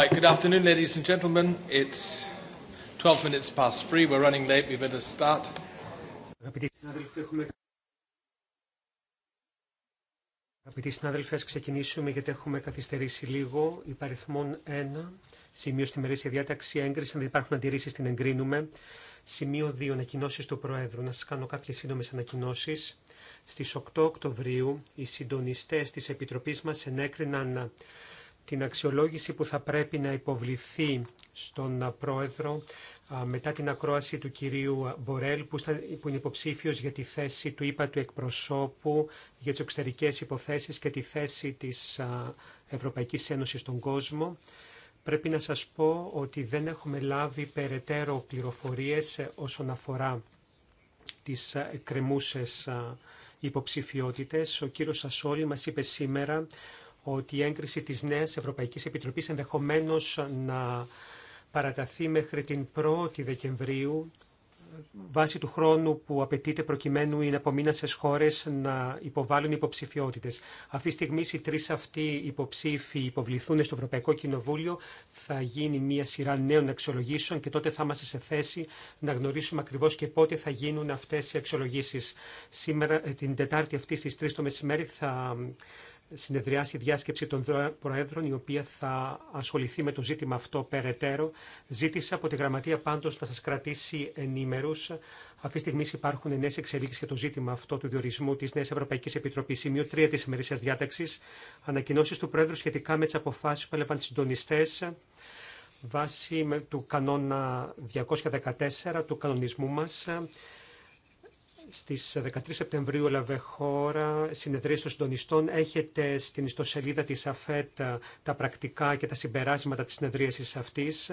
Right, good afternoon, ladies and gentlemen. It's 12 minutes past three. We're running late. We better start. Αγαπητοί συνάδελφοι, ξεκινήσουμε γιατί έχουμε καθυστερήσει λίγο. Υπαριθμόν 1, σημείο στη μερίσια διάταξη, έγκριση, αν δεν υπάρχουν αντιρρήσεις την εγκρίνουμε. Σημείο 2, ανακοινώσει του Προέδρου. Να σας κάνω κάποιες σύντομες ανακοινώσεις. Στις 8 Οκτωβρίου, οι συντονιστές της Επιτροπής μας ενέκριναν την αξιολόγηση που θα πρέπει να υποβληθεί στον Πρόεδρο μετά την ακρόαση του κυρίου Μπορέλ, που, είναι υποψήφιος για τη θέση του ΥΠΑ του εκπροσώπου για τις εξωτερικές υποθέσεις και τη θέση της Ευρωπαϊκής Ένωσης στον κόσμο. Πρέπει να σας πω ότι δεν έχουμε λάβει περαιτέρω πληροφορίες όσον αφορά τις εκκρεμούσες υποψηφιότητες. Ο κύριος Σασόλη μας είπε σήμερα ότι η έγκριση της νέας Ευρωπαϊκής Επιτροπής ενδεχομένως να παραταθεί μέχρι την 1η Δεκεμβρίου βάσει του χρόνου που απαιτείται προκειμένου οι απομείνασε χώρε να υποβάλουν υποψηφιότητε. Αυτή τη στιγμή οι τρει αυτοί υποψήφοι υποβληθούν στο Ευρωπαϊκό Κοινοβούλιο. Θα γίνει μια σειρά νέων αξιολογήσεων και τότε θα είμαστε σε θέση να γνωρίσουμε ακριβώ και πότε θα γίνουν αυτέ οι αξιολογήσει. Σήμερα, την Τετάρτη αυτή στι 3 το μεσημέρι, θα συνεδριάσει διάσκεψη των Προέδρων, η οποία θα ασχοληθεί με το ζήτημα αυτό περαιτέρω. Ζήτησα από τη Γραμματεία πάντω να σα κρατήσει ενήμερου. Αυτή τη στιγμή υπάρχουν νέε εξελίξει για το ζήτημα αυτό του διορισμού τη Νέα Ευρωπαϊκή Επιτροπή. Σημείο 3 τη ημερήσια διάταξη. Ανακοινώσει του Προέδρου σχετικά με τι αποφάσει που έλαβαν συντονιστέ βάσει του κανόνα 214 του κανονισμού μας στις 13 ε, Σεπτεμβρίου έλαβε χώρα των συντονιστών. Έχετε στην ιστοσελίδα της ΑΦΕΤ ε, τα πρακτικά και τα συμπεράσματα της συνεδρίασης αυτής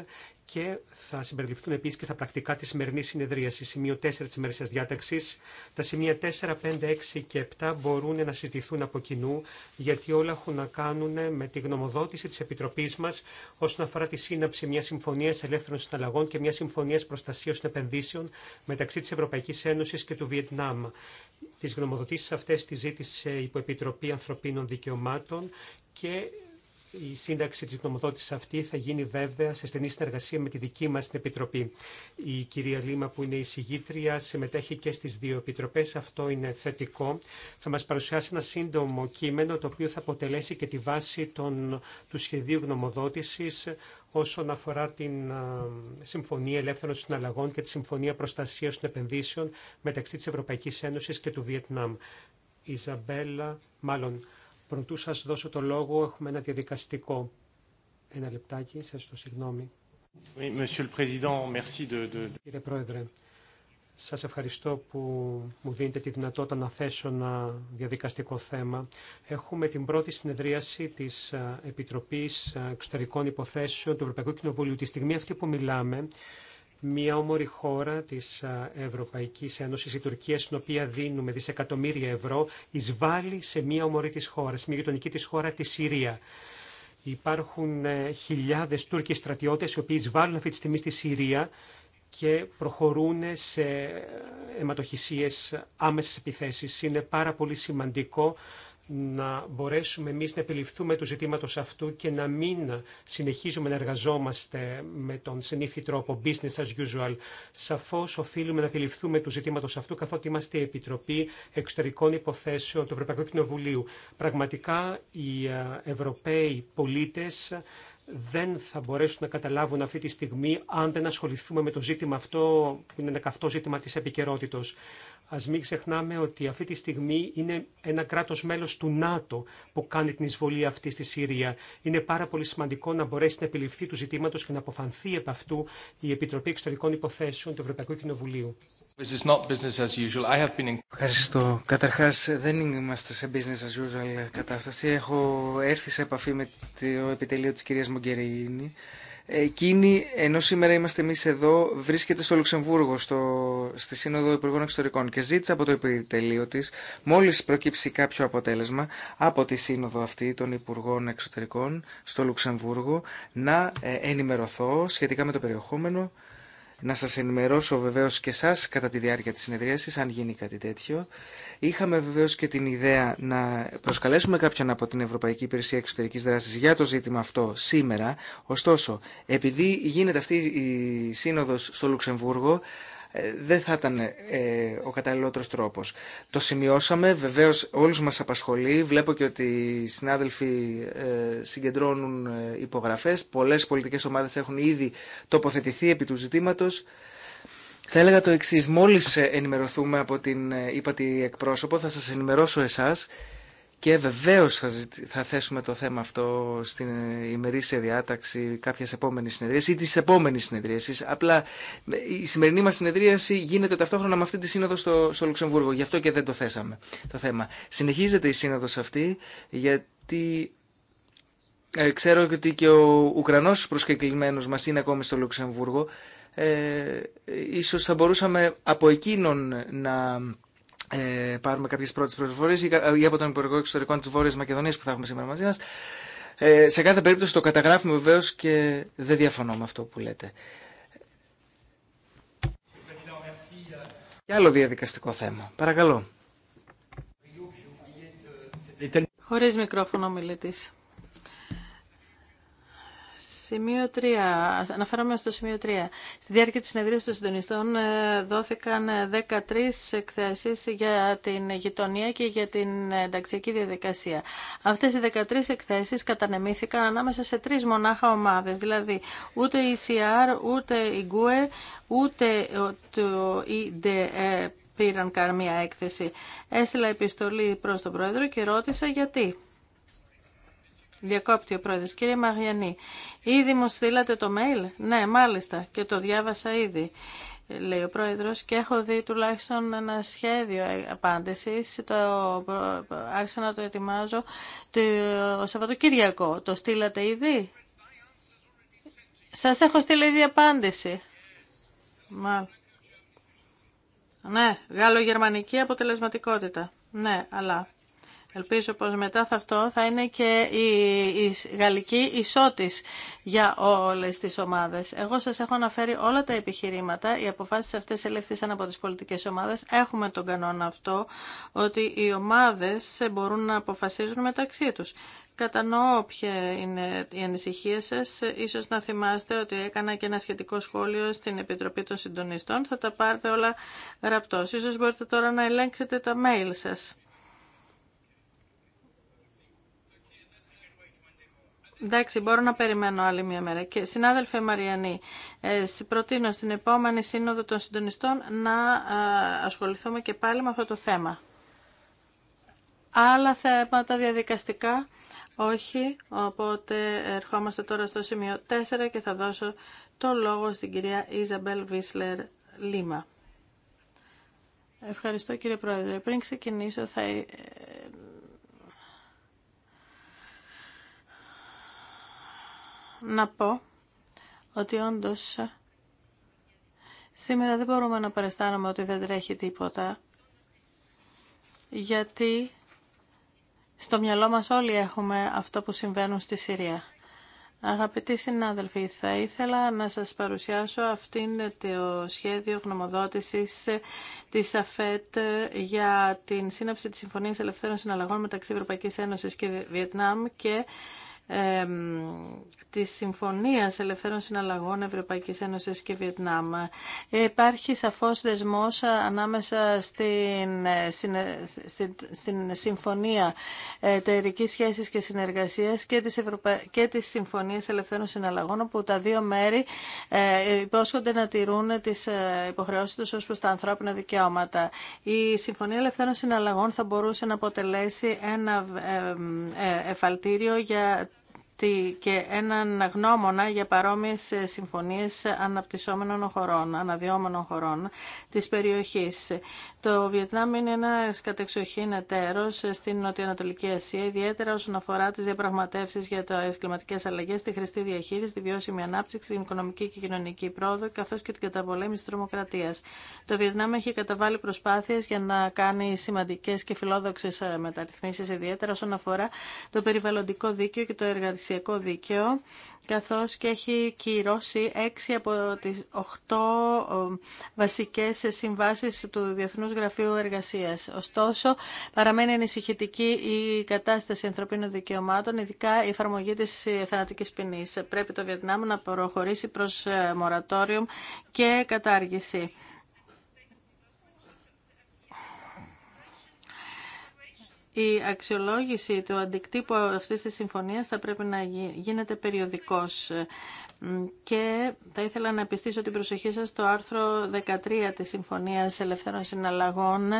και θα συμπεριληφθούν επίση και στα πρακτικά τη σημερινή η Σημείο 4 τη ημερήσια διάταξη. Τα σημεία 4, 5, 6 και 7 μπορούν να συζητηθούν από κοινού, γιατί όλα έχουν να κάνουν με τη γνωμοδότηση τη Επιτροπή μα όσον αφορά τη σύναψη μια συμφωνία ελεύθερων συναλλαγών και μια συμφωνία προστασία των επενδύσεων μεταξύ τη Ευρωπαϊκή Ένωση και του Βιετνάμ. Τι γνωμοδοτήσει αυτέ τι ζήτησε η Υποεπιτροπή Ανθρωπίνων Δικαιωμάτων και η σύνταξη της γνωμοδότησης αυτή θα γίνει βέβαια σε στενή συνεργασία με τη δική μας την Επιτροπή. Η κυρία Λίμα που είναι η συγγήτρια συμμετέχει και στις δύο επιτροπές. Αυτό είναι θετικό. Θα μας παρουσιάσει ένα σύντομο κείμενο το οποίο θα αποτελέσει και τη βάση των, του σχεδίου γνωμοδότησης όσον αφορά την Συμφωνία Ελεύθερων Συναλλαγών και τη Συμφωνία Προστασίας των Επενδύσεων μεταξύ τη Ευρωπαϊκής Ένωσης και του Βιετνάμ. Ιζαμπέλα, μάλλον Προτού σας δώσω το λόγο, έχουμε ένα διαδικαστικό. Ένα λεπτάκι, σας το συγγνώμη. Κύριε Πρόεδρε, σας ευχαριστώ που μου δίνετε τη δυνατότητα να θέσω ένα διαδικαστικό θέμα. Έχουμε την πρώτη συνεδρίαση της ε, Επιτροπής ε, Εξωτερικών Υποθέσεων του Ευρωπαϊκού Κοινοβουλίου. Τη στιγμή αυτή που μιλάμε, μια όμορη χώρα της Ευρωπαϊκής Ένωση, η Τουρκία, στην οποία δίνουμε δισεκατομμύρια ευρώ, εισβάλλει σε μια όμορη τη χώρα, μια γειτονική της χώρα, τη Συρία. Υπάρχουν ε, χιλιάδες Τούρκοι στρατιώτες οι οποίοι εισβάλλουν αυτή τη στιγμή στη Συρία και προχωρούν σε ε, αιματοχυσίες άμεσες επιθέσεις. Είναι πάρα πολύ σημαντικό να μπορέσουμε εμείς να επιληφθούμε του ζητήματος αυτού και να μην συνεχίζουμε να εργαζόμαστε με τον συνήθι τρόπο business as usual. Σαφώς οφείλουμε να επιληφθούμε του ζητήματος αυτού καθότι είμαστε η Επιτροπή Εξωτερικών Υποθέσεων του Ευρωπαϊκού Κοινοβουλίου. Πραγματικά οι ε, Ευρωπαίοι πολίτες δεν θα μπορέσουν να καταλάβουν αυτή τη στιγμή αν δεν ασχοληθούμε με το ζήτημα αυτό που είναι ένα καυτό ζήτημα της επικαιρότητα. Ας μην ξεχνάμε ότι αυτή τη στιγμή είναι ένα κράτος μέλος του ΝΑΤΟ που κάνει την εισβολή αυτή στη Συρία. Είναι πάρα πολύ σημαντικό να μπορέσει να επιληφθεί του ζητήματος και να αποφανθεί επ' αυτού η Επιτροπή Εξωτερικών Υποθέσεων του Ευρωπαϊκού Κοινοβουλίου. Ευχαριστώ. Καταρχάς δεν είμαστε σε business as usual κατάσταση. Έχω έρθει σε επαφή με το επιτελείο της κυρίας Μογκερίνη. Εκείνη, ενώ σήμερα είμαστε εμεί εδώ, βρίσκεται στο Λουξεμβούργο, στο, στη Σύνοδο Υπουργών Εξωτερικών και ζήτησε από το επιτελείο τη, μόλι προκύψει κάποιο αποτέλεσμα από τη Σύνοδο αυτή των Υπουργών Εξωτερικών στο Λουξεμβούργο, να ε, ενημερωθώ σχετικά με το περιεχόμενο να σας ενημερώσω βεβαίως και σας κατά τη διάρκεια της συνεδρίασης, αν γίνει κάτι τέτοιο. Είχαμε βεβαίως και την ιδέα να προσκαλέσουμε κάποιον από την Ευρωπαϊκή Υπηρεσία Εξωτερικής Δράσης για το ζήτημα αυτό σήμερα. Ωστόσο, επειδή γίνεται αυτή η σύνοδος στο Λουξεμβούργο, ε, δεν θα ήταν ε, ο καταλληλότερος τρόπος. Το σημειώσαμε, βεβαίως όλους μας απασχολεί. Βλέπω και ότι οι συνάδελφοι ε, συγκεντρώνουν υπογραφές. Πολλές πολιτικές ομάδες έχουν ήδη τοποθετηθεί επί του ζητήματος. Θα έλεγα το εξή. μόλις ενημερωθούμε από την ύπατη εκπρόσωπο, θα σας ενημερώσω εσάς και βεβαίω θα, θα θέσουμε το θέμα αυτό στην ημερήσια διάταξη κάποιας επόμενης συνεδρίας ή της επόμενης επόμενης συνεδρίασης. Απλά η τη επομενη συνεδριασης απλα η σημερινη μας συνεδρίαση γίνεται ταυτόχρονα με αυτή τη σύνοδο στο, στο Λουξεμβούργο. Γι' αυτό και δεν το θέσαμε το θέμα. Συνεχίζεται η σύνοδο αυτή γιατί ε, ξέρω ότι και ο Ουκρανός προσκεκλημένος μας είναι ακόμη στο Λουξεμβούργο. Ε, ίσως θα μπορούσαμε από εκείνον να ε, πάρουμε κάποιες πρώτες πληροφορίε ή από τον Υπουργό Εξωτερικών τη Βόρεια Μακεδονίας που θα έχουμε σήμερα μαζί μας. Ε, σε κάθε περίπτωση το καταγράφουμε βεβαίω και δεν διαφωνώ με αυτό που λέτε. Και άλλο διαδικαστικό θέμα. Παρακαλώ. Χωρίς μικρόφωνο μιλητής. Σημείο 3. Αναφέρομαι στο σημείο 3. Στη διάρκεια της συνεδρίασης των συντονιστών ε, δόθηκαν 13 ε, εκθέσεις για την γειτονία και για την ενταξιακή διαδικασία. Αυτές οι 13 εκθέσεις κατανεμήθηκαν ανάμεσα σε τρεις μονάχα ομάδες, δηλαδή ούτε η CR ούτε η GUE, ε, ούτε το IDE πήραν καρμία έκθεση. Έστειλα επιστολή προς τον Πρόεδρο και ρώτησα γιατί. Διακόπτει ο πρόεδρο. Κύριε Μαγιανή, ήδη μου στείλατε το mail. Ναι, μάλιστα, και το διάβασα ήδη λέει ο πρόεδρος, και έχω δει τουλάχιστον ένα σχέδιο απάντησης. Το, άρχισα να το ετοιμάζω το Σαββατοκύριακο. Το στείλατε ήδη? Σας έχω στείλει ήδη απάντηση. Μάλ. Ναι, γαλλογερμανική αποτελεσματικότητα. Ναι, αλλά Ελπίζω πως μετά θα αυτό θα είναι και η γαλλική ισότης για όλες τις ομάδες. Εγώ σας έχω αναφέρει όλα τα επιχειρήματα. Οι αποφάσεις αυτές ελευθύσαν από τις πολιτικές ομάδες. Έχουμε τον κανόνα αυτό ότι οι ομάδες μπορούν να αποφασίζουν μεταξύ τους. Κατανοώ ποια είναι η ανησυχία σας. Ίσως να θυμάστε ότι έκανα και ένα σχετικό σχόλιο στην Επιτροπή των Συντονιστών. Θα τα πάρετε όλα γραπτό. Ίσως μπορείτε τώρα να ελέγξετε τα mail σας. Εντάξει, μπορώ να περιμένω άλλη μια μέρα. Και συνάδελφε Μαριανή, ε, προτείνω στην επόμενη σύνοδο των συντονιστών να ε, ασχοληθούμε και πάλι με αυτό το θέμα. Άλλα θέματα διαδικαστικά, όχι, οπότε ερχόμαστε τώρα στο σημείο 4 και θα δώσω το λόγο στην κυρία Ιζαμπέλ Βίσλερ Λίμα. Ευχαριστώ κύριε Πρόεδρε. Πριν ξεκινήσω θα ε, να πω ότι όντως σήμερα δεν μπορούμε να παρεστάνουμε ότι δεν τρέχει τίποτα γιατί στο μυαλό μας όλοι έχουμε αυτό που συμβαίνουν στη Συρία. Αγαπητοί συνάδελφοι, θα ήθελα να σας παρουσιάσω αυτήν το σχέδιο γνωμοδότησης της ΑΦΕΤ για την σύναψη της Συμφωνίας Ελευθέρων Συναλλαγών μεταξύ Ευρωπαϊκής Ένωσης και Βιετνάμ και ε, της Συμφωνίας Ελευθέρων Συναλλαγών Ευρωπαϊκής Ένωσης και Βιετνάμ. Υπάρχει σαφώς δεσμός ανάμεσα στην, ε, στην, στην, Συμφωνία Εταιρικής Σχέσης και Συνεργασίας και της, Ευρωπα... και της Συμφωνίας Ελευθέρων Συναλλαγών, όπου τα δύο μέρη ε, υπόσχονται να τηρούν τις ε, υποχρεώσεις τους ως προς τα ανθρώπινα δικαιώματα. Η Συμφωνία Ελευθέρων Συναλλαγών θα μπορούσε να αποτελέσει ένα ε, εφαλτήριο για και έναν γνώμονα για παρόμοιες συμφωνίες αναπτυσσόμενων χωρών, αναδυόμενων χωρών της περιοχής. Το Βιετνάμ είναι ένα κατεξοχήν εταίρο στην Νοτιοανατολική Ασία, ιδιαίτερα όσον αφορά τι διαπραγματεύσει για τι κλιματικέ αλλαγέ, τη χρηστή διαχείριση, τη βιώσιμη ανάπτυξη, την οικονομική και κοινωνική πρόοδο, καθώ και την καταπολέμηση τη τρομοκρατία. Το Βιετνάμ έχει καταβάλει προσπάθειε για να κάνει σημαντικέ και φιλόδοξε μεταρρυθμίσει, ιδιαίτερα όσον αφορά το περιβαλλοντικό δίκαιο και το εργασιακό Εργασιακό Δίκαιο καθώς και έχει κυρώσει έξι από τις οχτώ ε, βασικές συμβάσεις του Διεθνούς Γραφείου Εργασίας. Ωστόσο, παραμένει ανησυχητική η κατάσταση ανθρωπίνων δικαιωμάτων, ειδικά η εφαρμογή της ε, θανατικής ποινής. Πρέπει το Βιετνάμ να προχωρήσει προς ε, μορατόριο και κατάργηση. η αξιολόγηση του αντικτύπου αυτής της συμφωνίας θα πρέπει να γίνεται περιοδικός. Και θα ήθελα να επιστήσω την προσοχή σας στο άρθρο 13 της Συμφωνίας Ελευθέρων Συναλλαγών,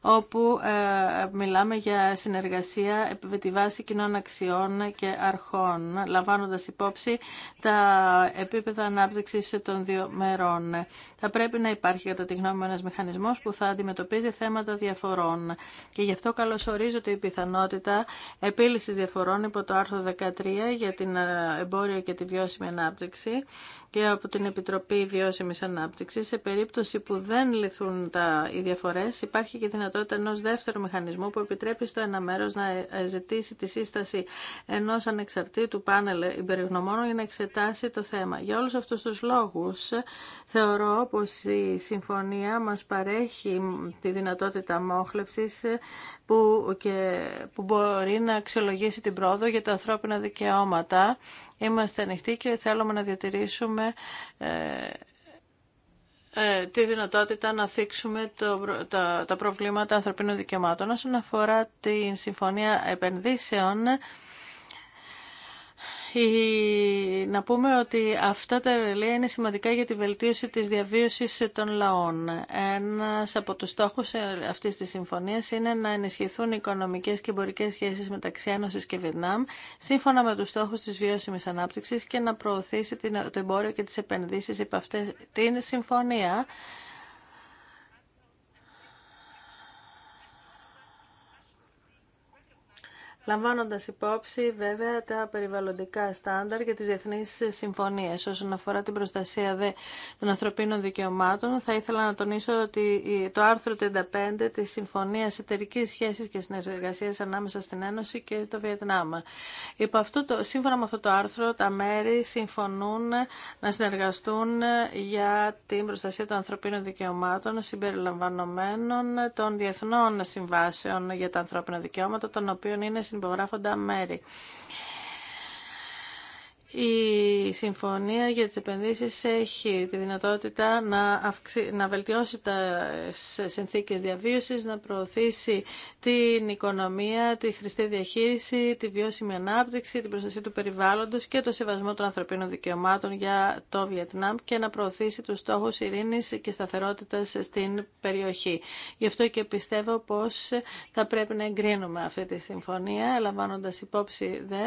όπου ε, μιλάμε για συνεργασία επί τη βάση κοινών αξιών και αρχών, λαμβάνοντας υπόψη τα επίπεδα ανάπτυξης των δύο μερών. Θα πρέπει να υπάρχει κατά τη γνώμη μου ένας μηχανισμός που θα αντιμετωπίζει θέματα διαφορών. Και γι' αυτό καλωσορίζω ότι η πιθανότητα επίλυση διαφορών υπό το άρθρο 13 για την ε, εμπόριο και τη βιώσιμη ανάπτυξη και από την Επιτροπή Βιώσιμης Ανάπτυξης σε περίπτωση που δεν λυθούν τα, οι διαφορές υπάρχει και δυνατότητα ενός δεύτερου μηχανισμού που επιτρέπει στο ένα μέρος να ε, ζητήσει τη σύσταση ενός ανεξαρτήτου πάνελ υπερηγνωμόνων για να εξετάσει το θέμα. Για όλους αυτούς τους λόγους θεωρώ πως η συμφωνία μας παρέχει τη δυνατότητα μόχλευσης που μπορεί να αξιολογήσει την πρόοδο για τα ανθρώπινα δικαιώματα. Είμαστε ανοιχτοί και θέλουμε να διατηρήσουμε ε, ε, τη δυνατότητα να θίξουμε το, τα, τα προβλήματα ανθρωπίνων δικαιωμάτων. Όσον αφορά την Συμφωνία Επενδύσεων, να πούμε ότι αυτά τα εργαλεία είναι σημαντικά για τη βελτίωση της διαβίωσης των λαών. Ένας από τους στόχους αυτής της συμφωνίας είναι να ενισχυθούν οι οικονομικές και εμπορικές σχέσεις μεταξύ Ένωσης και Βιετνάμ, σύμφωνα με τους στόχους της βιώσιμης ανάπτυξης και να προωθήσει το εμπόριο και τις επενδύσεις υπ' αυτή την συμφωνία λαμβάνοντας υπόψη βέβαια τα περιβαλλοντικά στάνταρ και τις διεθνείς συμφωνίες. Όσον αφορά την προστασία δε των ανθρωπίνων δικαιωμάτων, θα ήθελα να τονίσω ότι το άρθρο 35 της Συμφωνίας Εταιρική Σχέσης και Συνεργασίας ανάμεσα στην Ένωση και το Βιετνάμα. σύμφωνα με αυτό το άρθρο, τα μέρη συμφωνούν να συνεργαστούν για την προστασία των ανθρωπίνων δικαιωμάτων συμπεριλαμβανομένων των διεθνών συμβάσεων για τα ανθρώπινα δικαιώματα, των οποίων είναι συνυπογράφοντα μέρη. Η συμφωνία για τις επενδύσεις έχει τη δυνατότητα να, να βελτιώσει τα συνθήκες διαβίωσης, να προωθήσει την οικονομία, τη χρηστή διαχείριση, τη βιώσιμη ανάπτυξη, την προστασία του περιβάλλοντος και το σεβασμό των ανθρωπίνων δικαιωμάτων για το Βιετνάμ και να προωθήσει τους στόχους ειρήνης και σταθερότητας στην περιοχή. Γι' αυτό και πιστεύω πως θα πρέπει να εγκρίνουμε αυτή τη συμφωνία, λαμβάνοντας υπόψη δε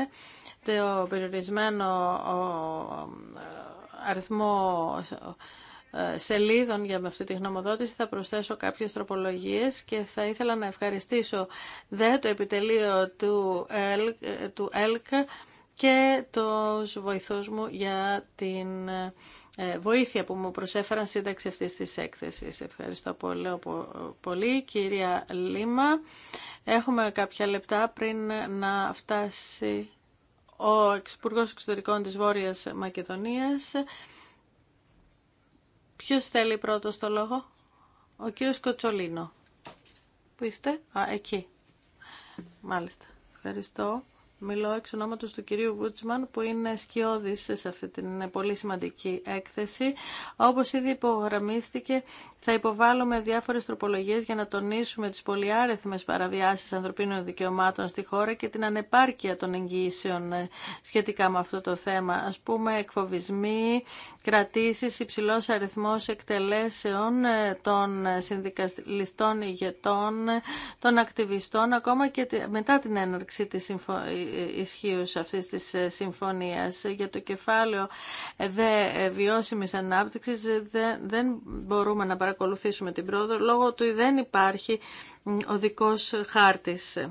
το περιορισμένο αριθμό ε, σελίδων για αυτή τη γνωμοδότηση θα προσθέσω κάποιες τροπολογίες και θα ήθελα να ευχαριστήσω δε το επιτελείο του, ε, του ΕΛΚ και τους βοηθούς μου για την ε, βοήθεια που μου προσέφεραν σύνταξη αυτής της έκθεσης. Ευχαριστώ πολύ, πολύ κυρία Λίμα. Έχουμε κάποια λεπτά πριν να φτάσει ο Υπουργό Εξωτερικών της Βόρειας Μακεδονίας. Ποιος θέλει πρώτος το λόγο? Ο κύριος Κοτσολίνο. Πού είστε? Α, εκεί. Μάλιστα. Ευχαριστώ. Μιλώ εξ ονόματος του κυρίου Βούτσμαν που είναι σκιώδης σε αυτή την πολύ σημαντική έκθεση. Όπως ήδη υπογραμμίστηκε θα υποβάλλουμε διάφορες τροπολογίες για να τονίσουμε τις πολυάριθμες παραβιάσεις ανθρωπίνων δικαιωμάτων στη χώρα και την ανεπάρκεια των εγγυήσεων ε, σχετικά με αυτό το θέμα. Ας πούμε εκφοβισμοί, κρατήσεις, υψηλό αριθμό εκτελέσεων ε, των συνδικαλιστών ηγετών, των ακτιβιστών, ακόμα και μετά την έναρξη της συμφωνίας ισχύου αυτής της ε, συμφωνίας. Για το κεφάλαιο ε, δε ε, βιώσιμης ανάπτυξης δεν μπορούμε να παρακολουθήσουμε την πρόοδο λόγω του δεν υπάρχει οδικός χάρτης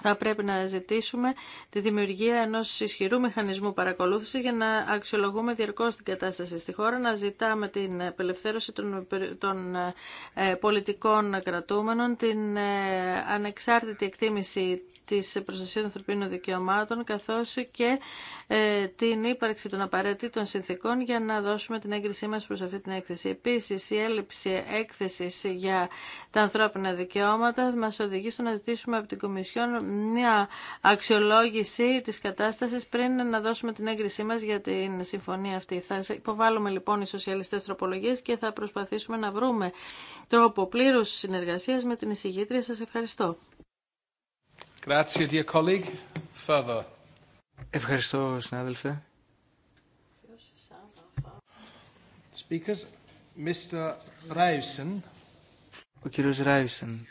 θα πρέπει να ζητήσουμε τη δημιουργία ενός ισχυρού μηχανισμού παρακολούθηση για να αξιολογούμε διαρκώς την κατάσταση στη χώρα, να ζητάμε την απελευθέρωση των, πολιτικών κρατούμενων, την ανεξάρτητη εκτίμηση της των ανθρωπίνων δικαιωμάτων καθώς και ε, την ύπαρξη των απαραίτητων συνθήκων για να δώσουμε την έγκρισή μας προς αυτή την έκθεση. Επίσης, η έλλειψη έκθεσης για τα ανθρώπινα δικαιώματα μας οδηγεί στο να ζητήσουμε από την Κομισιόν μια αξιολόγηση της κατάστασης πριν να δώσουμε την έγκρισή μας για την συμφωνία αυτή. Θα υποβάλουμε λοιπόν οι σοσιαλιστές τροπολογίες και θα προσπαθήσουμε να βρούμε τρόπο πλήρους συνεργασίας με την εισηγήτρια. Σας ευχαριστώ. Ευχαριστώ, συνάδελφε. Speakers, Mr. Ράιουσεν. Ο κύριος Ράιουσεν,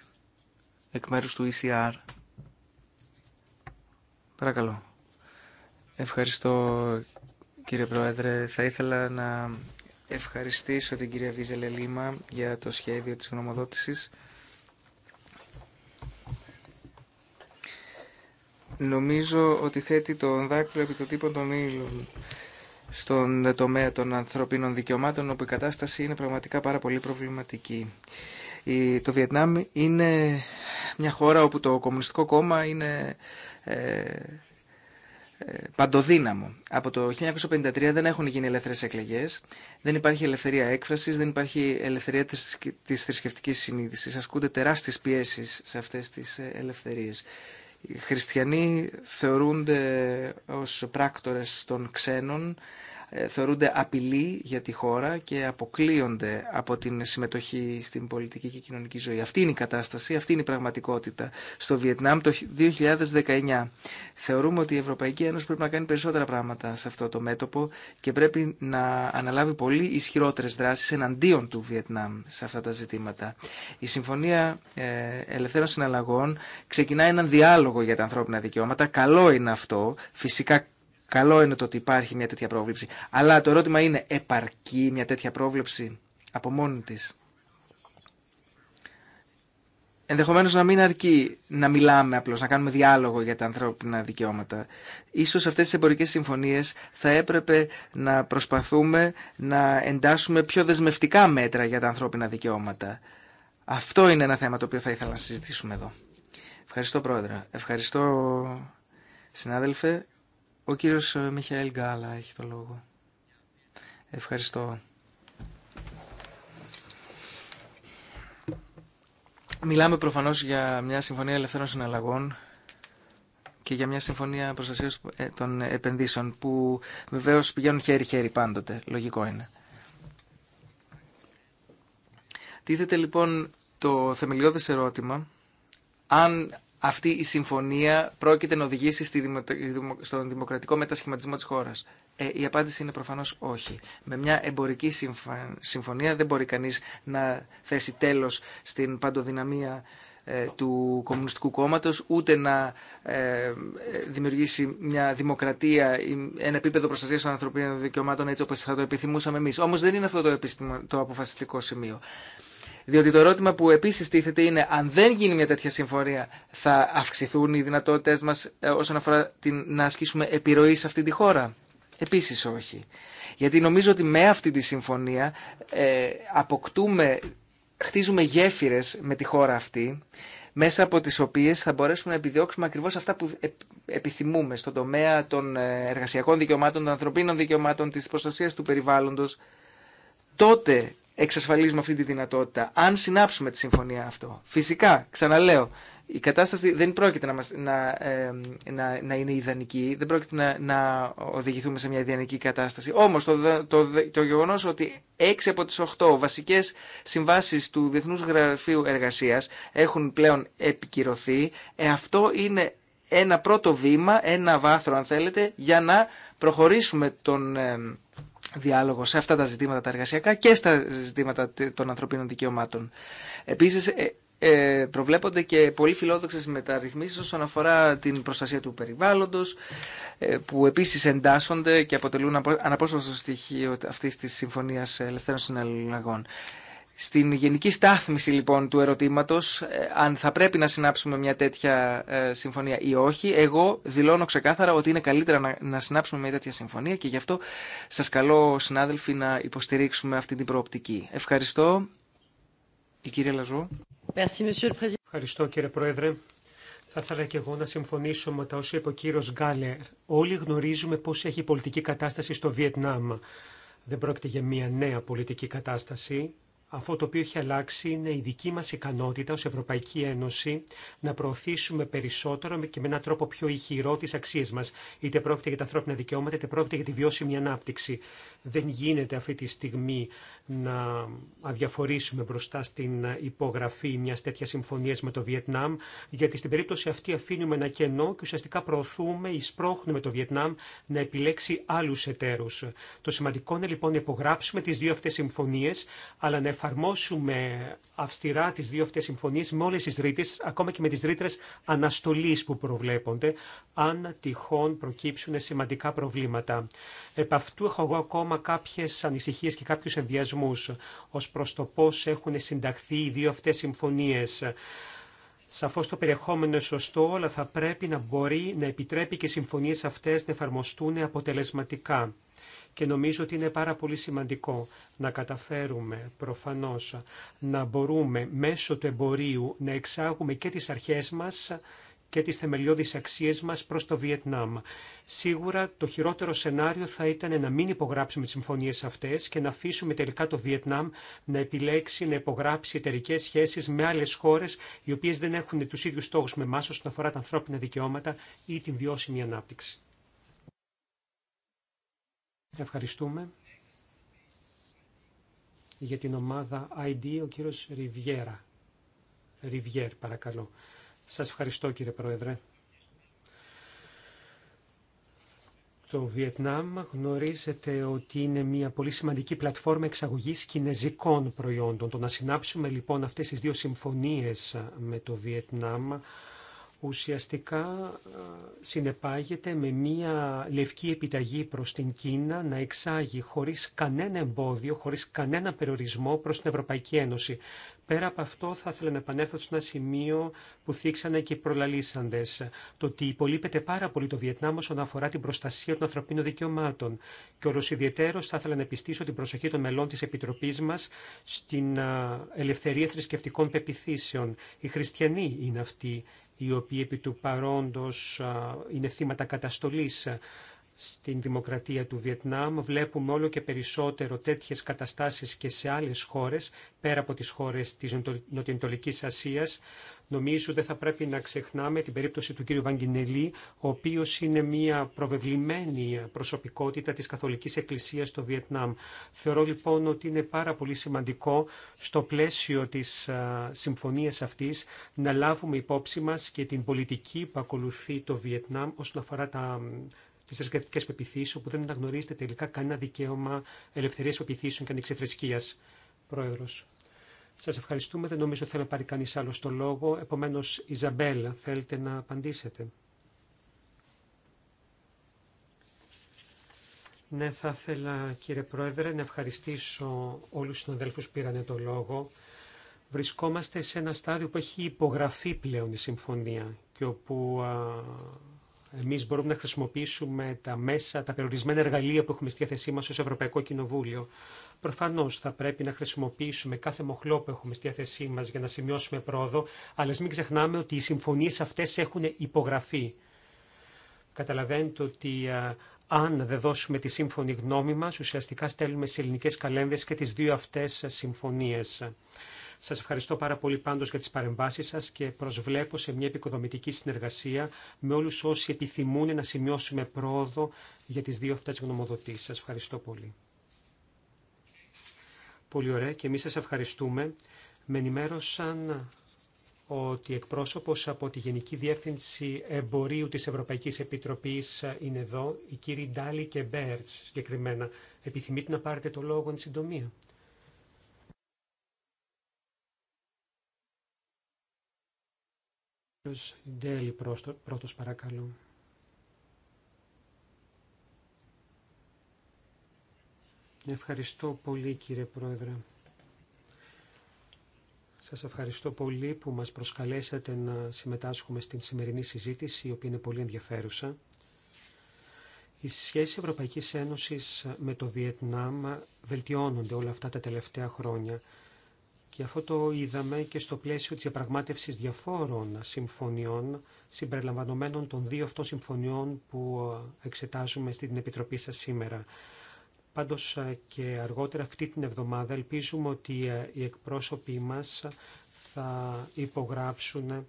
εκ μέρους του ECR. Παρακαλώ. Ευχαριστώ, κύριε Πρόεδρε. Θα ήθελα να ευχαριστήσω την κυρία Βίζελε Λίμα για το σχέδιο της γνωμοδότησης. νομίζω ότι θέτει τον δάκτυλο επί το τύπο των ήλων στον τομέα των ανθρωπίνων δικαιωμάτων όπου η κατάσταση είναι πραγματικά πάρα πολύ προβληματική. Το Βιετνάμ είναι μια χώρα όπου το Κομμουνιστικό Κόμμα είναι ε, ε, παντοδύναμο. Από το 1953 δεν έχουν γίνει ελεύθερες εκλεγές, δεν υπάρχει ελευθερία έκφρασης, δεν υπάρχει ελευθερία της θρησκευτικής συνείδησης. Ασκούνται τεράστιες πιέσεις σε αυτές τις ε, ελευθερίες. Οι χριστιανοί θεωρούνται ως πράκτορες των ξένων ε, θεωρούνται απειλή για τη χώρα και αποκλείονται από την συμμετοχή στην πολιτική και κοινωνική ζωή. Αυτή είναι η κατάσταση, αυτή είναι η πραγματικότητα στο Βιετνάμ το 2019. Θεωρούμε ότι η Ευρωπαϊκή Ένωση πρέπει να κάνει περισσότερα πράγματα σε αυτό το μέτωπο και πρέπει να αναλάβει πολύ ισχυρότερε δράσει εναντίον του Βιετνάμ σε αυτά τα ζητήματα. Η Συμφωνία ε, Ελευθέρων Συναλλαγών ξεκινά έναν διάλογο για τα ανθρώπινα δικαιώματα. Καλό είναι αυτό. Φυσικά Καλό είναι το ότι υπάρχει μια τέτοια πρόβλεψη. Αλλά το ερώτημα είναι, επαρκεί μια τέτοια πρόβλεψη από μόνη τη. Ενδεχομένως να μην αρκεί να μιλάμε απλώς, να κάνουμε διάλογο για τα ανθρώπινα δικαιώματα. Ίσως αυτές τις εμπορικές συμφωνίες θα έπρεπε να προσπαθούμε να εντάσσουμε πιο δεσμευτικά μέτρα για τα ανθρώπινα δικαιώματα. Αυτό είναι ένα θέμα το οποίο θα ήθελα να συζητήσουμε εδώ. Ευχαριστώ πρόεδρε. Ευχαριστώ συνάδελφε. Ο κύριος ε, Μιχαήλ Γκάλα έχει το λόγο. Ευχαριστώ. Μιλάμε προφανώς για μια συμφωνία ελευθέρων συναλλαγών και για μια συμφωνία προστασία ε, των επενδύσεων που βεβαίως πηγαίνουν χέρι-χέρι πάντοτε. Λογικό είναι. Τίθεται λοιπόν το θεμελιώδες ερώτημα αν αυτή η συμφωνία πρόκειται να οδηγήσει στον δημοκρατικό μετασχηματισμό της χώρας. Ε, η απάντηση είναι προφανώς όχι. Με μια εμπορική συμφωνία δεν μπορεί κανείς να θέσει τέλος στην παντοδυναμία ε, του Κομμουνιστικού Κόμματος, ούτε να ε, δημιουργήσει μια δημοκρατία, ένα επίπεδο προστασίας των ανθρωπίνων δικαιωμάτων έτσι όπως θα το επιθυμούσαμε εμείς. Όμως δεν είναι αυτό το, το αποφασιστικό σημείο. Διότι το ερώτημα που επίση τίθεται είναι αν δεν γίνει μια τέτοια συμφωνία θα αυξηθούν οι δυνατότητε μα ε, όσον αφορά την, να ασκήσουμε επιρροή σε αυτή τη χώρα. Επίση όχι. Γιατί νομίζω ότι με αυτή τη συμφωνία ε, αποκτούμε, χτίζουμε γέφυρε με τη χώρα αυτή, μέσα από τι οποίε θα μπορέσουμε να επιδιώξουμε ακριβώ αυτά που επιθυμούμε στον τομέα των ε, εργασιακών δικαιωμάτων, των ανθρωπίνων δικαιωμάτων, τη προστασία του περιβάλλοντο. Τότε εξασφαλίζουμε αυτή τη δυνατότητα, αν συνάψουμε τη συμφωνία αυτό. Φυσικά, ξαναλέω, η κατάσταση δεν πρόκειται να, μας, να, ε, να, είναι ιδανική, δεν πρόκειται να, να οδηγηθούμε σε μια ιδανική κατάσταση. Όμως το, το, το γεγονός ότι 6 από τις 8 βασικές συμβάσεις του Διεθνούς Γραφείου Εργασίας έχουν πλέον επικυρωθεί, ε, αυτό είναι ένα πρώτο βήμα, ένα βάθρο αν θέλετε, για να προχωρήσουμε τον διάλογο σε αυτά τα ζητήματα τα εργασιακά και στα ζητήματα των ανθρωπίνων δικαιωμάτων. Επίσης, ε, ε, προβλέπονται και πολύ φιλόδοξες μεταρρυθμίσει όσον αφορά την προστασία του περιβάλλοντος, ε, που επίσης εντάσσονται και αποτελούν αναπόσπαστο στοιχείο αυτής της Συμφωνίας Ελευθέρων Συναλλαγών. Στην γενική στάθμιση λοιπόν του ερωτήματος, ε, αν θα πρέπει να συνάψουμε μια τέτοια ε, συμφωνία ή όχι, εγώ δηλώνω ξεκάθαρα ότι είναι καλύτερα να συνάψουμε μια τέτοια συμφωνία και γι' αυτό σας καλώ συνάδελφοι να υποστηρίξουμε αυτή την προοπτική. Ευχαριστώ. Η κυρία Λαζό. Ευχαριστώ κύριε Πρόεδρε. Θα ήθελα και εγώ να συμφωνήσω με τα όσα είπε ο κύριο Γκάλερ. Όλοι γνωρίζουμε πώ έχει η πολιτική κατάσταση στο Βιετνάμ. Δεν πρόκειται για μια νέα πολιτική κατάσταση. Αυτό το οποίο έχει αλλάξει είναι η δική μας ικανότητα ως Ευρωπαϊκή Ένωση να προωθήσουμε περισσότερο και με έναν τρόπο πιο ηχηρό τις αξίες μας. Είτε πρόκειται για τα ανθρώπινα δικαιώματα, είτε πρόκειται για τη βιώσιμη ανάπτυξη. Δεν γίνεται αυτή τη στιγμή να αδιαφορήσουμε μπροστά στην υπογραφή μιας τέτοιας συμφωνίας με το Βιετνάμ, γιατί στην περίπτωση αυτή αφήνουμε ένα κενό και ουσιαστικά προωθούμε ή σπρώχνουμε το Βιετνάμ να επιλέξει άλλους εταίρους. Το σημαντικό είναι λοιπόν να υπογράψουμε τις δύο αυτές συμφωνίες, αλλά εφαρμόσουμε αυστηρά τις δύο αυτές συμφωνίες με όλες τις ρήτρε, ακόμα και με τις ρήτρε αναστολής που προβλέπονται, αν τυχόν προκύψουν σημαντικά προβλήματα. Επ' αυτού έχω εγώ ακόμα κάποιες ανησυχίες και κάποιους ενδιασμούς ως προς το πώς έχουν συνταχθεί οι δύο αυτές συμφωνίες. Σαφώς το περιεχόμενο είναι σωστό, αλλά θα πρέπει να μπορεί να επιτρέπει και οι συμφωνίε αυτέ να εφαρμοστούν αποτελεσματικά και νομίζω ότι είναι πάρα πολύ σημαντικό να καταφέρουμε προφανώς να μπορούμε μέσω του εμπορίου να εξάγουμε και τις αρχές μας και τις θεμελιώδεις αξίες μας προς το Βιετνάμ. Σίγουρα το χειρότερο σενάριο θα ήταν να μην υπογράψουμε τις συμφωνίες αυτές και να αφήσουμε τελικά το Βιετνάμ να επιλέξει να υπογράψει εταιρικέ σχέσεις με άλλες χώρες οι οποίες δεν έχουν τους ίδιους στόχους με εμάς όσον αφορά τα ανθρώπινα δικαιώματα ή την βιώσιμη ανάπτυξη. Ευχαριστούμε για την ομάδα ID ο κύριος Ριβιέρα. Ριβιέρ, παρακαλώ. Σας ευχαριστώ κύριε Πρόεδρε. Το Βιετνάμ γνωρίζετε ότι είναι μια πολύ σημαντική πλατφόρμα εξαγωγής κινέζικων προϊόντων. Το να συνάψουμε λοιπόν αυτές τις δύο συμφωνίες με το Βιετνάμ ουσιαστικά ε, συνεπάγεται με μία λευκή επιταγή προς την Κίνα να εξάγει χωρίς κανένα εμπόδιο, χωρίς κανένα περιορισμό προς την Ευρωπαϊκή Ένωση. Πέρα από αυτό θα ήθελα να επανέλθω σε ένα σημείο που θίξανε και οι προλαλήσαντες. Το ότι υπολείπεται πάρα πολύ το Βιετνάμ όσον αφορά την προστασία των ανθρωπίνων δικαιωμάτων. Και όλος ιδιαιτέρως θα ήθελα να επιστήσω την προσοχή των μελών της Επιτροπής μας στην ε, ελευθερία θρησκευτικών πεπιθήσεων. Οι χριστιανοί είναι αυτοί οι οποίοι επί του παρόντος είναι θύματα καταστολής στην δημοκρατία του Βιετνάμ. Βλέπουμε όλο και περισσότερο τέτοιες καταστάσεις και σε άλλες χώρες, πέρα από τις χώρες της Νοτιοανατολικής Ασίας. Νομίζω δεν θα πρέπει να ξεχνάμε την περίπτωση του κύριου Βαγγινελή, ο οποίος είναι μια προβεβλημένη προσωπικότητα της Καθολικής Εκκλησίας στο Βιετνάμ. Θεωρώ λοιπόν ότι είναι πάρα πολύ σημαντικό στο πλαίσιο της συμφωνίας αυτής να λάβουμε υπόψη μας και την πολιτική που ακολουθεί το Βιετνάμ όσον αφορά τα στι θρησκευτικέ πεπιθήσει, όπου δεν αναγνωρίζεται τελικά κανένα δικαίωμα ελευθερία πεπιθήσεων και ανεξιθρησκεία. Πρόεδρο. Σα ευχαριστούμε. Δεν νομίζω θέλει να πάρει κανεί άλλο το λόγο. Επομένω, Ιζαμπέλα, θέλετε να απαντήσετε. Ναι, θα ήθελα κύριε Πρόεδρε να ευχαριστήσω όλους τους συναδέλφους που πήραν το λόγο. Βρισκόμαστε σε ένα στάδιο που έχει υπογραφεί πλέον η συμφωνία και όπου εμείς μπορούμε να χρησιμοποιήσουμε τα μέσα, τα περιορισμένα εργαλεία που έχουμε στη διάθεσή μας ως Ευρωπαϊκό Κοινοβούλιο. Προφανώς θα πρέπει να χρησιμοποιήσουμε κάθε μοχλό που έχουμε στη διάθεσή μας για να σημειώσουμε πρόοδο, αλλά μην ξεχνάμε ότι οι συμφωνίες αυτές έχουν υπογραφεί. Καταλαβαίνετε ότι αν δεν δώσουμε τη σύμφωνη γνώμη μας, ουσιαστικά στέλνουμε σε ελληνικές καλένδες και τις δύο αυτές συμφωνίες. Σα ευχαριστώ πάρα πολύ πάντω για τι παρεμβάσει σα και προσβλέπω σε μια επικοδομητική συνεργασία με όλου όσοι επιθυμούν να σημειώσουμε πρόοδο για τι δύο αυτέ γνωμοδοτήσει. Σα ευχαριστώ πολύ. Πολύ ωραία και εμεί σα ευχαριστούμε. Με ενημέρωσαν ότι εκπρόσωπος από τη Γενική Διεύθυνση Εμπορίου της Ευρωπαϊκής Επιτροπής είναι εδώ, η κυρία Ντάλι και Μπέρτς συγκεκριμένα. Επιθυμείτε να πάρετε το λόγο εν συντομία. πρώτος παρακαλώ. Ευχαριστώ πολύ κύριε Πρόεδρε. Σας ευχαριστώ πολύ που μας προσκαλέσατε να συμμετάσχουμε στην σημερινή συζήτηση, η οποία είναι πολύ ενδιαφέρουσα. Οι σχέσεις Ευρωπαϊκής Ένωσης με το Βιετνάμ βελτιώνονται όλα αυτά τα τελευταία χρόνια. Και αυτό το είδαμε και στο πλαίσιο της διαπραγμάτευση διαφόρων συμφωνιών, συμπεριλαμβανομένων των δύο αυτών συμφωνιών που ε, εξετάζουμε στην Επιτροπή σας σήμερα. Πάντως ε, και αργότερα αυτή την εβδομάδα ελπίζουμε ότι ε, οι εκπρόσωποι μας θα υπογράψουν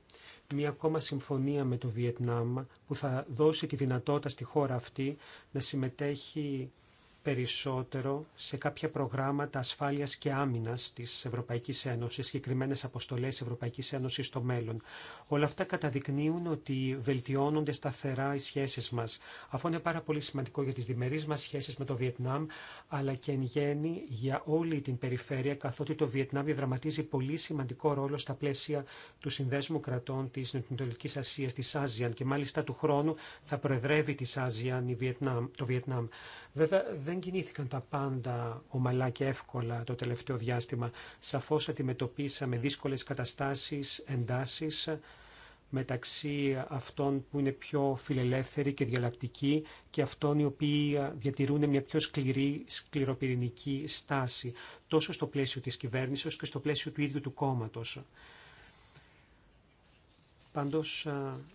μία ακόμα συμφωνία με το Βιετνάμ που θα δώσει τη δυνατότητα στη χώρα αυτή να συμμετέχει περισσότερο σε κάποια προγράμματα ασφάλειας και άμυνας της Ευρωπαϊκής Ένωσης, συγκεκριμένες αποστολές Ευρωπαϊκής Ένωσης στο μέλλον. Όλα αυτά καταδεικνύουν ότι βελτιώνονται σταθερά οι σχέσεις μας. Αυτό είναι πάρα πολύ σημαντικό για τις διμερείς μας σχέσεις με το Βιετνάμ, αλλά και εν γέννη για όλη την περιφέρεια, καθότι το Βιετνάμ διαδραματίζει πολύ σημαντικό ρόλο στα πλαίσια του Συνδέσμου Κρατών της Νοτιοανατολικής Ασίας, της Άζιαν και μάλιστα του χρόνου θα προεδρεύει της Άζιαν το Βιετνάμ. Βέβαια δεν κινήθηκαν τα πάντα ομαλά και εύκολα το τελευταίο διάστημα. Σαφώς αντιμετωπίσαμε δύσκολες καταστάσεις, εντάσεις μεταξύ αυτών που είναι πιο φιλελεύθεροι και διαλλακτικοί και αυτών οι οποίοι διατηρούν μια πιο σκληρή, σκληροπυρηνική στάση, τόσο στο πλαίσιο της κυβέρνησης και στο πλαίσιο του ίδιου του κόμματος. Πάντως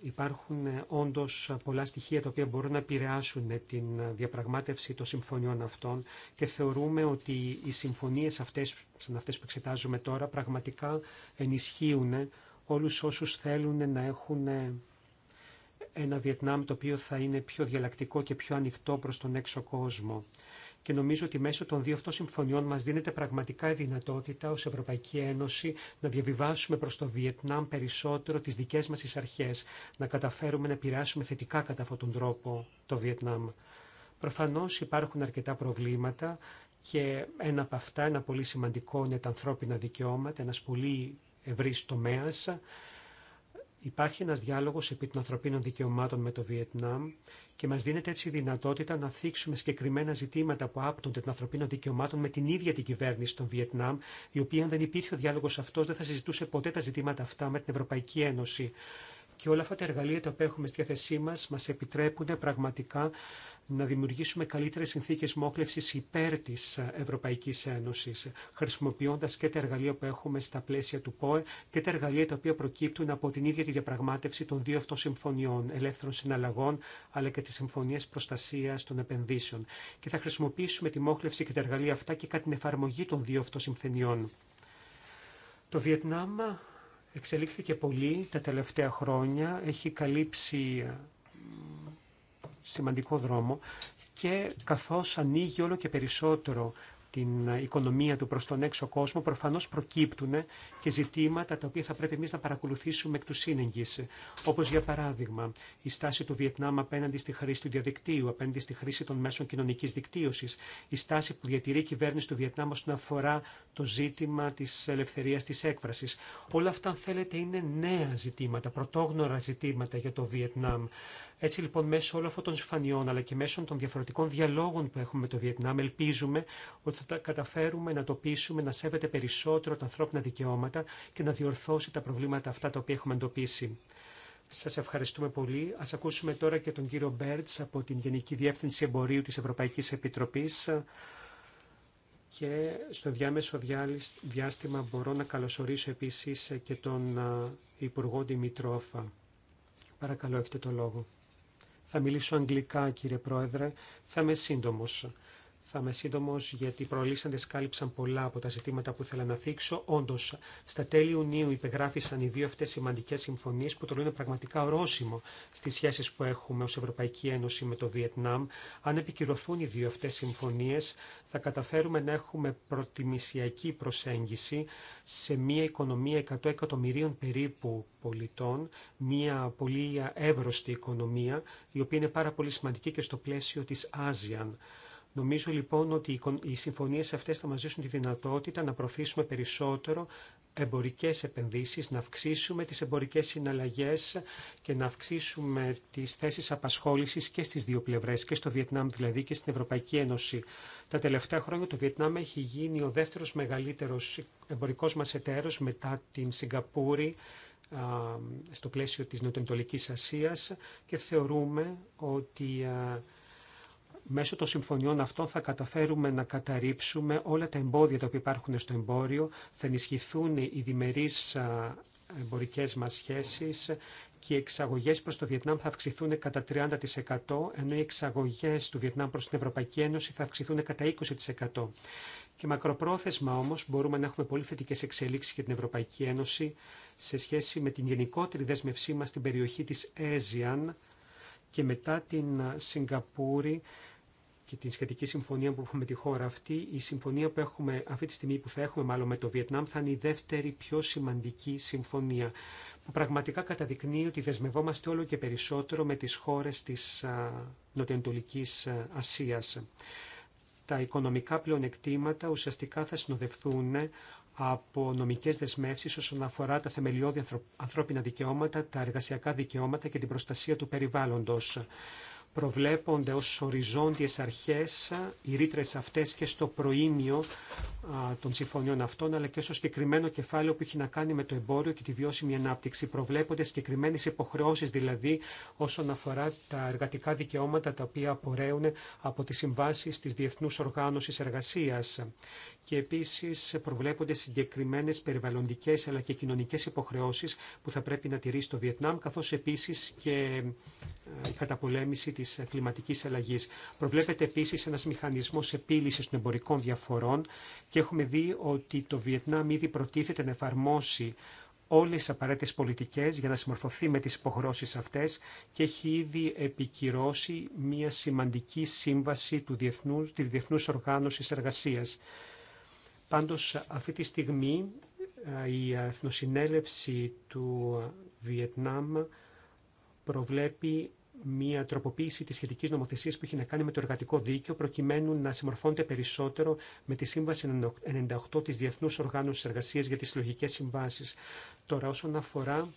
υπάρχουν ε, όντως πολλά στοιχεία τα οποία μπορούν να επηρεάσουν ε, την ε, διαπραγμάτευση των συμφωνιών αυτών και θεωρούμε ότι οι συμφωνίες αυτές, σαν αυτές που εξετάζουμε τώρα, πραγματικά ενισχύουν όλους όσους θέλουν να έχουν ένα Βιετνάμ το οποίο θα είναι πιο διαλλακτικό και πιο ανοιχτό προς τον έξω κόσμο και νομίζω ότι μέσω των δύο αυτών συμφωνιών μας δίνεται πραγματικά η δυνατότητα ω Ευρωπαϊκή Ένωση να διαβιβάσουμε προς το Βιετνάμ περισσότερο τις δικές μας εισαρχέ, να καταφέρουμε να επηρεάσουμε θετικά κατά αυτόν τον τρόπο το Βιετνάμ. Προφανώς υπάρχουν αρκετά προβλήματα και ένα από αυτά, ένα πολύ σημαντικό είναι τα ανθρώπινα δικαιώματα, ένα πολύ ευρύ τομέα. Υπάρχει ένας διάλογος επί των ανθρωπίνων δικαιωμάτων με το Βιετνάμ και μας δίνεται έτσι η δυνατότητα να θίξουμε συγκεκριμένα ζητήματα που άπτονται των ανθρωπίνων δικαιωμάτων με την ίδια την κυβέρνηση των Βιετνάμ, η οποία αν δεν υπήρχε ο διάλογος αυτός δεν θα συζητούσε ποτέ τα ζητήματα αυτά με την Ευρωπαϊκή Ένωση. Και όλα αυτά τα εργαλεία τα οποία έχουμε στη διάθεσή μα μα επιτρέπουν πραγματικά να δημιουργήσουμε καλύτερε συνθήκε μόχλευση υπέρ τη Ευρωπαϊκή Ένωση, χρησιμοποιώντα και τα εργαλεία που έχουμε στα πλαίσια του ΠΟΕ και τα εργαλεία τα οποία προκύπτουν από την ίδια τη διαπραγμάτευση των δύο αυτών συμφωνιών, ελεύθερων συναλλαγών αλλά και τη Συμφωνία Προστασία των Επενδύσεων. Και θα χρησιμοποιήσουμε τη μόχλευση και τα εργαλεία αυτά και κατά την εφαρμογή των δύο αυτών συμφωνιών. Το Βιετνάμ εξελίχθηκε πολύ τα τελευταία χρόνια, έχει καλύψει σημαντικό δρόμο και καθώς ανοίγει όλο και περισσότερο την οικονομία του προς τον έξω κόσμο, προφανώς προκύπτουν και ζητήματα τα οποία θα πρέπει εμείς να παρακολουθήσουμε εκ του σύνεγγις. Όπως για παράδειγμα η στάση του Βιετνάμ απέναντι στη χρήση του διαδικτύου, απέναντι στη χρήση των μέσων κοινωνικής δικτύωσης, η στάση που διατηρεί η κυβέρνηση του Βιετνάμ όσον αφορά το ζήτημα της ελευθερίας της έκφρασης. Όλα αυτά, αν θέλετε, είναι νέα ζητήματα, πρωτόγνωρα ζητήματα για το Βιετνάμ. Έτσι λοιπόν μέσω όλων αυτών των συμφανιών αλλά και μέσω των διαφορετικών διαλόγων που έχουμε με το Βιετνάμ ελπίζουμε ότι θα τα καταφέρουμε να το πείσουμε να σέβεται περισσότερο τα ανθρώπινα δικαιώματα και να διορθώσει τα προβλήματα αυτά τα οποία έχουμε εντοπίσει. Σας ευχαριστούμε πολύ. Ας ακούσουμε τώρα και τον κύριο Μπέρτς από την Γενική Διεύθυνση Εμπορίου της Ευρωπαϊκής Επιτροπής και στο διάμεσο διάστημα μπορώ να καλωσορίσω επίσης και τον Υπουργό Δημητρόφα. Παρακαλώ, έχετε το λόγο. Θα μιλήσω αγγλικά, κύριε Πρόεδρε. Θα είμαι σύντομο. Θα είμαι σύντομο γιατί οι προλήσαντε κάλυψαν πολλά από τα ζητήματα που ήθελα να θίξω. Όντω, στα τέλη Ιουνίου υπεγράφησαν οι δύο αυτέ σημαντικέ συμφωνίε που το λένε πραγματικά ορόσημο στι σχέσει που έχουμε ω Ευρωπαϊκή Ένωση με το Βιετνάμ. Αν επικυρωθούν οι δύο αυτέ συμφωνίε, θα καταφέρουμε να έχουμε προτιμησιακή προσέγγιση σε μια οικονομία 100 εκατομμυρίων περίπου πολιτών, μια πολύ εύρωστη οικονομία, η οποία είναι πάρα πολύ σημαντική και στο πλαίσιο τη Άζιαν. Νομίζω λοιπόν ότι οι συμφωνίες αυτές θα μας δώσουν τη δυνατότητα να προωθήσουμε περισσότερο εμπορικές επενδύσεις, να αυξήσουμε τις εμπορικές συναλλαγές και να αυξήσουμε τις θέσεις απασχόλησης και στις δύο πλευρές, και στο Βιετνάμ δηλαδή και στην Ευρωπαϊκή Ένωση. Τα τελευταία χρόνια το Βιετνάμ έχει γίνει ο δεύτερος μεγαλύτερος εμπορικός μας εταίρος μετά την Σιγκαπούρη στο πλαίσιο της Νοτιοανατολικής Ασίας και θεωρούμε ότι μέσω των συμφωνιών αυτών θα καταφέρουμε να καταρρύψουμε όλα τα εμπόδια τα οποία υπάρχουν στο εμπόριο, θα ενισχυθούν οι διμερείς εμπορικές μας σχέσεις και οι εξαγωγές προς το Βιετνάμ θα αυξηθούν κατά 30%, ενώ οι εξαγωγές του Βιετνάμ προς την Ευρωπαϊκή Ένωση θα αυξηθούν κατά 20%. Και μακροπρόθεσμα όμως μπορούμε να έχουμε πολύ θετικέ εξελίξεις για την Ευρωπαϊκή Ένωση σε σχέση με την γενικότερη δέσμευσή μα στην περιοχή της ASEAN και μετά την Σιγκαπούρη και την σχετική συμφωνία που έχουμε με τη χώρα αυτή, η συμφωνία που έχουμε αυτή τη στιγμή που θα έχουμε μάλλον με το Βιετνάμ θα είναι η δεύτερη πιο σημαντική συμφωνία που πραγματικά καταδεικνύει ότι δεσμευόμαστε όλο και περισσότερο με τις χώρες της Νοτιοανατολικής Ασίας. Τα οικονομικά πλεονεκτήματα ουσιαστικά θα συνοδευτούν από νομικές δεσμεύσεις όσον αφορά τα θεμελιώδη ανθρώπινα δικαιώματα, τα εργασιακά δικαιώματα και την προστασία του περιβάλλοντος προβλέπονται ως οριζόντιες αρχές οι ρήτρε αυτές και στο προήμιο των συμφωνιών αυτών, αλλά και στο συγκεκριμένο κεφάλαιο που έχει να κάνει με το εμπόριο και τη βιώσιμη ανάπτυξη. Προβλέπονται συγκεκριμένε υποχρεώσει, δηλαδή όσον αφορά τα εργατικά δικαιώματα τα οποία απορρέουν από τι συμβάσει τη Διεθνούς Οργάνωσης Εργασίας. Και επίση προβλέπονται συγκεκριμένε περιβαλλοντικέ αλλά και κοινωνικέ υποχρεώσει που θα πρέπει να τηρήσει το Βιετνάμ, καθώ επίση και ε, η καταπολέμηση Τη κλιματικής αλλαγή. Προβλέπεται επίσης ένας μηχανισμός επίλυση των εμπορικών διαφορών και έχουμε δει ότι το Βιετνάμ ήδη προτίθεται να εφαρμόσει όλες τι απαραίτητε πολιτικές για να συμμορφωθεί με τις υποχρεώσει αυτές και έχει ήδη επικυρώσει μια σημαντική σύμβαση του διεθνού της Διεθνούς Οργάνωσης Εργασίας. Πάντως αυτή τη στιγμή ε, η Εθνοσυνέλευση του Βιετνάμ προβλέπει μία τροποποίηση τη σχετική νομοθεσία που έχει να κάνει με το εργατικό δίκαιο, προκειμένου να συμμορφώνεται περισσότερο με τη Σύμβαση 98 τη Διεθνού Οργάνωση Εργασία για τι Συλλογικέ Συμβάσει. Τώρα, όσον αφορά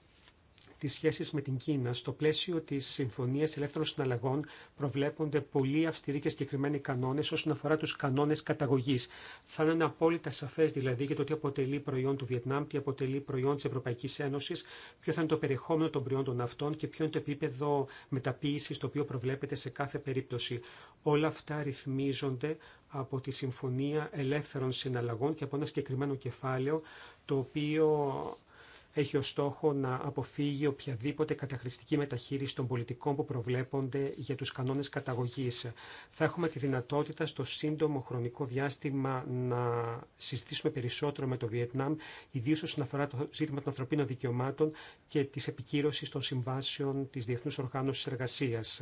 τις σχέσεις με την Κίνα. Στο πλαίσιο της Συμφωνίας Ελεύθερων Συναλλαγών προβλέπονται πολύ αυστηροί και συγκεκριμένοι κανόνες όσον αφορά τους κανόνες καταγωγής. Θα είναι απόλυτα σαφές δηλαδή για το τι αποτελεί προϊόν του Βιετνάμ, τι αποτελεί προϊόν της Ευρωπαϊκής Ένωσης, ποιο θα είναι το περιεχόμενο των προϊόντων αυτών και ποιο είναι το επίπεδο μεταποίησης το οποίο προβλέπεται σε κάθε περίπτωση. Όλα αυτά ρυθμίζονται από τη Συμφωνία Ελεύθερων Συναλλαγών και από ένα συγκεκριμένο κεφάλαιο το οποίο έχει ως στόχο να αποφύγει οποιαδήποτε καταχρηστική μεταχείριση των πολιτικών που προβλέπονται για τους κανόνες καταγωγής. Θα έχουμε τη δυνατότητα στο σύντομο χρονικό διάστημα να συζητήσουμε περισσότερο με το Βιετνάμ, ιδίως όσον αφορά το ζήτημα των ανθρωπίνων δικαιωμάτων και της επικύρωσης των συμβάσεων της Διεθνούς Οργάνωσης Εργασίας.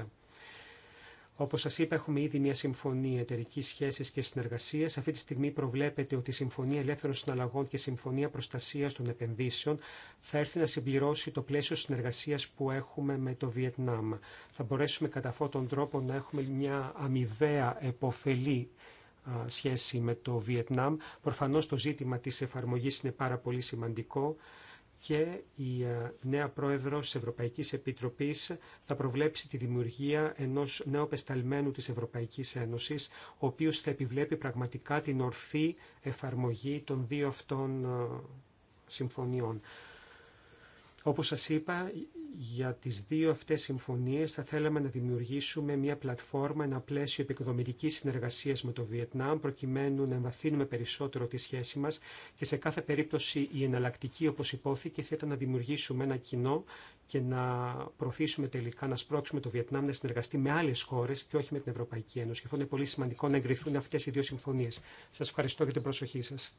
Όπω σα είπα, έχουμε ήδη μια συμφωνία εταιρική σχέσης και συνεργασία. Αυτή τη στιγμή προβλέπεται ότι η Συμφωνία Ελεύθερων Συναλλαγών και η Συμφωνία Προστασίας των Επενδύσεων θα έρθει να συμπληρώσει το πλαίσιο συνεργασίας που έχουμε με το Βιετνάμ. Θα μπορέσουμε κατά αυτόν τον τρόπο να έχουμε μια αμοιβαία εποφελή σχέση με το Βιετνάμ. Προφανώς το ζήτημα της εφαρμογής είναι πάρα πολύ σημαντικό και η ε, νέα πρόεδρος της Ευρωπαϊκής Επιτροπής θα προβλέψει τη δημιουργία ενός νέου πεσταλμένου της Ευρωπαϊκής Ένωσης, ο οποίος θα επιβλέπει πραγματικά την ορθή εφαρμογή των δύο αυτών ε, συμφωνιών. Όπως σας είπα, για τις δύο αυτές συμφωνίες θα θέλαμε να δημιουργήσουμε μια πλατφόρμα, ένα πλαίσιο επικοδομητικής συνεργασίας με το Βιετνάμ, προκειμένου να εμβαθύνουμε περισσότερο τη σχέση μας και σε κάθε περίπτωση η εναλλακτική, όπως υπόθηκε, θα ήταν να δημιουργήσουμε ένα κοινό και να προωθήσουμε τελικά, να σπρώξουμε το Βιετνάμ να συνεργαστεί με άλλες χώρες και όχι με την Ευρωπαϊκή Ένωση. Και αυτό είναι πολύ σημαντικό να εγκριθούν αυτές οι δύο συμφωνίες. Σας ευχαριστώ για την προσοχή σας.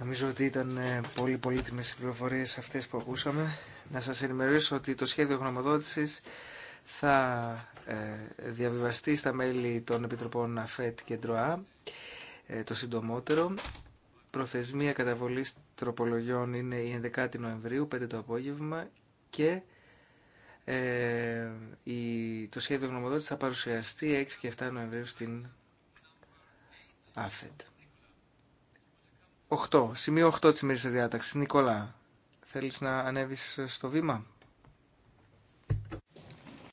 Νομίζω ότι ήταν ε, πολύ πολύτιμες οι πληροφορίες αυτές που ακούσαμε. Να σας ενημερώσω ότι το σχέδιο γνωμοδότησης θα ε, διαβιβαστεί στα μέλη των Επιτροπών ΑΦΕΤ και ΝΤΡΟΑ ε, το συντομότερο. Προθεσμία καταβολής τροπολογιών είναι η 11η Νοεμβρίου, 5 το απόγευμα και το σχέδιο γνωμοδότησης θα παρουσιαστεί 6 και 7 Νοεμβρίου στην ΑΦΕΤ. 8. Σημείο 8 της της διάταξης. Νικόλα, θέλεις να ανέβεις στο βήμα.